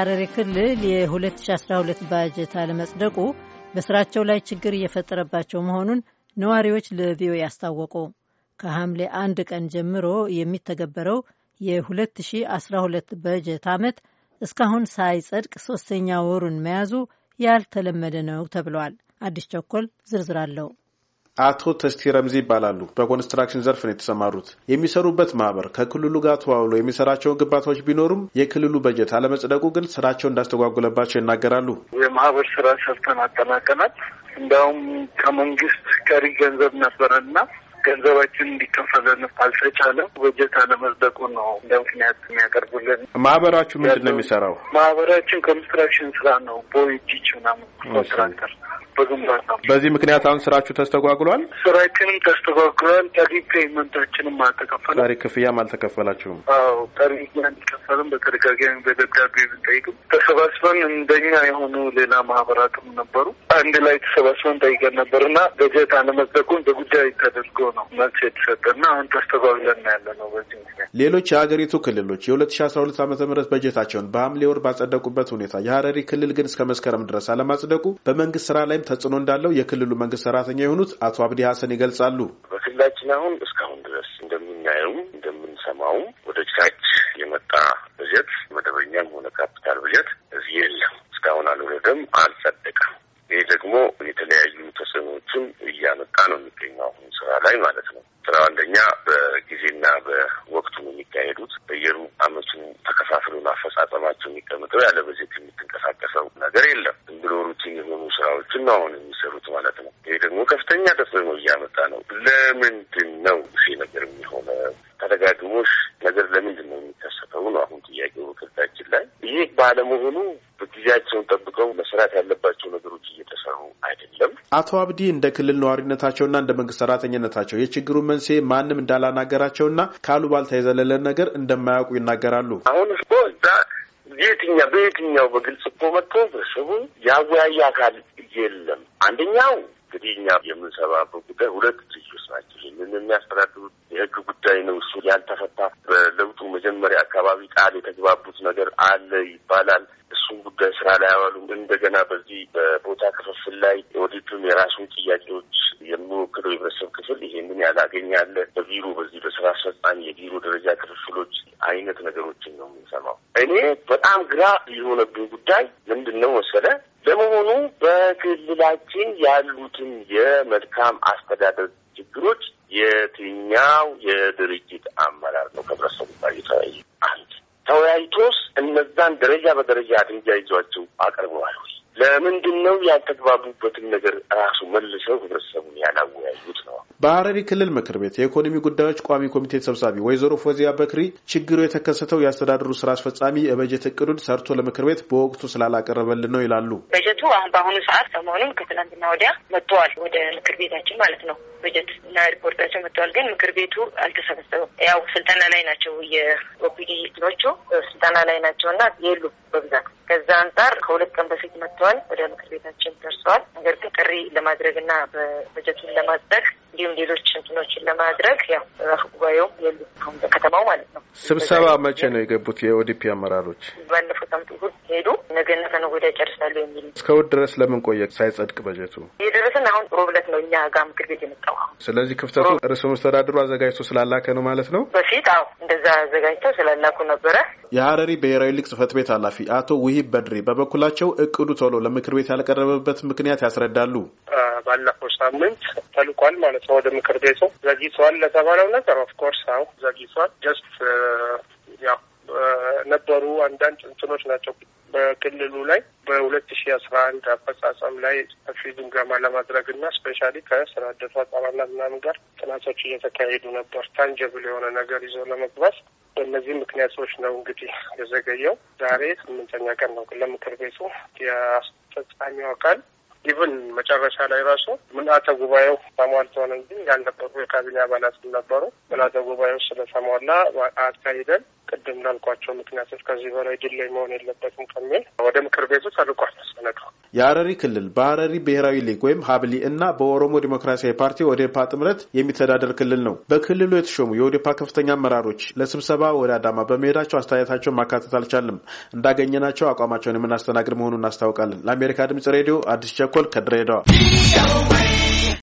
በሐረሪ ክልል የ2012 ባጀት አለመጽደቁ በስራቸው ላይ ችግር እየፈጠረባቸው መሆኑን ነዋሪዎች ለቪኦኤ አስታወቁ። ከሐምሌ አንድ ቀን ጀምሮ የሚተገበረው የ2012 በጀት ዓመት እስካሁን ሳይጸድቅ ሶስተኛ ወሩን መያዙ ያልተለመደ ነው ተብሏል። አዲስ ቸኮል ዝርዝር አለው። አቶ ተስቲ ረምዚ ይባላሉ። በኮንስትራክሽን ዘርፍ ነው የተሰማሩት። የሚሰሩበት ማህበር ከክልሉ ጋር ተዋውሎ የሚሰራቸውን ግንባታዎች ቢኖሩም የክልሉ በጀት አለመጽደቁ ግን ስራቸው እንዳስተጓጉለባቸው ይናገራሉ። የማህበር ስራ ሰርተን አጠናቀናል። እንዲያውም ከመንግስት ቀሪ ገንዘብ ነበረና ገንዘባችን እንዲከፈለን አልተቻለ በጀት አለመጽደቁ ነው እንደ ምክንያት የሚያቀርቡልን። ማህበራችሁ ምንድን ነው የሚሰራው? ማህበራችን ኮንስትራክሽን ስራ ነው። ቦይ ጂች ምናምን ኮንትራክተር በግንባር ነው። በዚህ ምክንያት አሁን ስራችሁ ተስተጓጉሏል። ስራችንም ተስተጓጉሏል። ጠሪ ፔይመንታችንም አልተከፈለም። ዛሬ ክፍያም አልተከፈላችሁም? አዎ ጠሪ አልተከፈለም። በተደጋጋሚ በደብዳቤ ብንጠይቅም ተሰባስበን እንደኛ የሆኑ ሌላ ማህበራትም ነበሩ አንድ ላይ ተሰባስበን ጠይቀን ነበር እና በጀት አለመጠቁን በጉዳይ ተደርጎ ነው መልስ የተሰጠና አሁን ተስተጓጉለን ያለ ነው። በዚህ ምክንያት ሌሎች የሀገሪቱ ክልሎች የሁለት ሺ አስራ ሁለት ዓመተ ምህረት በጀታቸውን በሐምሌ ወር ባጸደቁበት ሁኔታ የሀረሪ ክልል ግን እስከ መስከረም ድረስ አለማጽደቁ በመንግስት ስራ ላይም ተጽዕኖ እንዳለው የክልሉ መንግስት ሰራተኛ የሆኑት አቶ አብዲ ሀሰን ይገልጻሉ። በክልላችን አሁን እስካሁን ድረስ እንደምናየው እንደምንሰማውም ወደ ኪሳች የመጣ በጀት መደበኛም ሆነ ካፒታል በጀት እዚህ የለም። እስካሁን አልወረደም፣ አልጸደቀም። ይህ ደግሞ የተለያዩ ተጽዕኖዎችን እያመጣ ነው የሚገኘው አሁን ስራ ላይ ማለት ነው። ስራ አንደኛ በጊዜና በወቅቱ ነው የሚካሄዱት። በየሩብ አመቱ ተከፋፍሎ ማፈጻጸማቸው የሚቀምጠው ያለ በጀት የምትንቀሳቀሰው ነገር የለም። ነው አሁን የሚሰሩት ማለት ነው። ይህ ደግሞ ከፍተኛ ተጽዕኖ እያመጣ ነው። ለምንድን ነው ሴ ነገር የሚሆነ ተደጋግሞሽ ነገር ለምንድን ነው የሚከሰተው ነው አሁን ጥያቄው ክልታችን ላይ። ይህ ባለመሆኑ ጊዜያቸውን ጠብቀው መስራት ያለባቸው ነገሮች እየተሰሩ አይደለም። አቶ አብዲ እንደ ክልል ነዋሪነታቸውና እንደ መንግስት ሰራተኝነታቸው የችግሩ መንስኤ ማንም እንዳላናገራቸውና ካሉ ባልታ የዘለለ ነገር እንደማያውቁ ይናገራሉ። አሁን እኮ እዛ የትኛ በየትኛው በግልጽ እኮ መጥቶ ህብረተሰቡ ያወያየ አካል የለም። አንደኛው እንግዲህ እኛ የምንሰባበት ጉዳይ ሁለት ድርጅቶች ናቸው። ይህንን የሚያስተዳድሩት የህግ ጉዳይ ነው። እሱ ያልተፈታ በለውጡ መጀመሪያ አካባቢ ቃል የተግባቡት ነገር አለ ይባላል። እሱን ጉዳይ ስራ ላይ አዋሉም። እንደገና በዚህ በቦታ ክፍፍል ላይ ወዲቱም የራሱን ጥያቄዎች የሚወክለው የህብረተሰብ ክፍል ይሄንን ያላገኛለ በቢሮ በዚህ በስራ አስፈጻሚ የቢሮ ደረጃ ክፍፍሎች አይነት ነገሮችን ነው የምንሰማው። እኔ በጣም ግራ የሆነብኝ ጉዳይ ምንድን ነው መሰለ? ለመሆኑ በክልላችን ያሉትን የመልካም አስተዳደር ችግሮች የትኛው የድርጅት አመራር ነው ከህብረተሰቡ ጋር አንድ ተወያይቶስ እነዛን ደረጃ በደረጃ አድንጃ ይዟቸው አቅርበዋል ወይ? ለምንድን ነው ያልተግባቡበትን ነገር ራሱ መልሰው ህብረተሰቡን ያላወያዩት ነው? በሀረሪ ክልል ምክር ቤት የኢኮኖሚ ጉዳዮች ቋሚ ኮሚቴ ሰብሳቢ ወይዘሮ ፎዚያ በክሪ ችግሩ የተከሰተው የአስተዳደሩ ስራ አስፈጻሚ የበጀት እቅዱን ሰርቶ ለምክር ቤት በወቅቱ ስላላቀረበልን ነው ይላሉ። በጀቱ አሁን በአሁኑ ሰዓት ሰሞኑን ከትናንትና ወዲያ መጥተዋል፣ ወደ ምክር ቤታችን ማለት ነው። በጀት እና ሪፖርታቸው መጥተዋል፣ ግን ምክር ቤቱ አልተሰበሰበም። ያው ስልጠና ላይ ናቸው፣ የኦፒዲ ስልጠና ላይ ናቸው እና የሉ በብዛት ከዛ አንጻር ከሁለት ቀን በፊት መጥተዋል፣ ወደ ምክር ቤታችን ደርሰዋል። ነገር ግን ጥሪ ለማድረግና በጀቱን ለማጽደቅ እንዲሁም ሌሎች እንትኖችን ለማድረግ ያው አፈ ጉባኤውም በከተማው ማለት ነው። ስብሰባ መቼ ነው የገቡት? የኦዲፒ አመራሮች ባለፈው አመት እሑድ ሄዱ፣ ነገና ከነገ ወዲያ ጨርሳሉ የሚል እስከ እሑድ ድረስ ለምን ቆየ ሳይጸድቅ በጀቱ? የደረስን አሁን ሮብ ዕለት ነው እኛ ጋር ምክር ቤት የመጣው። ስለዚህ ክፍተቱ ርዕሰ መስተዳድሩ አዘጋጅቶ ስላላከ ነው ማለት ነው። በፊት አዎ እንደዛ አዘጋጅተው ስላላኩ ነበረ። የሀረሪ ብሔራዊ ሊግ ጽህፈት ቤት ኃላፊ አቶ ውሂ ጠይብ በድሬ በበኩላቸው እቅዱ ቶሎ ለምክር ቤት ያልቀረበበት ምክንያት ያስረዳሉ። ባለፈው ሳምንት ተልቋል ማለት ነው ወደ ምክር ቤቱ ዘግይቷል ለተባለው ነገር ኦፍኮርስ አዎ ዘግይቷል። ጀስት ያው ነበሩ አንዳንድ እንትኖች ናቸው በክልሉ ላይ በሁለት ሺ አስራ አንድ አፈጻጸም ላይ ሰፊ ግምገማ ለማድረግ እና ስፔሻሊ ከስራ አደቱ ምናምን ጋር ጥናቶች እየተካሄዱ ነበር። ታንጀብል የሆነ ነገር ይዞ ለመግባት በእነዚህ ምክንያቶች ነው እንግዲህ የዘገየው። ዛሬ ስምንተኛ ቀን ነው ለምክር ቤቱ የአስፈጻሚው አካል ኢቭን መጨረሻ ላይ ራሱ ምልአተ ጉባኤው ተሟልተው ነው እንጂ ያልነበሩ የካቢኔ አባላት ነበሩ። ምልአተ ጉባኤው ስለተሟላ አካሂደን ቅድም ላልኳቸው ምክንያቶች ከዚህ በላይ ድል ላይ መሆን የለበትም ከሚል ወደ ምክር ቤቱ ተልቋል። የሀረሪ ክልል በሀረሪ ብሔራዊ ሊግ ወይም ሀብሊ እና በኦሮሞ ዴሞክራሲያዊ ፓርቲ ኦዴፓ ጥምረት የሚተዳደር ክልል ነው። በክልሉ የተሾሙ የኦዴፓ ከፍተኛ አመራሮች ለስብሰባ ወደ አዳማ በመሄዳቸው አስተያየታቸውን ማካተት አልቻልም። እንዳገኘናቸው አቋማቸውን የምናስተናግድ መሆኑን እናስታውቃለን። ለአሜሪካ ድምጽ ሬዲዮ አዲስ ቸኮል ከድሬዳዋ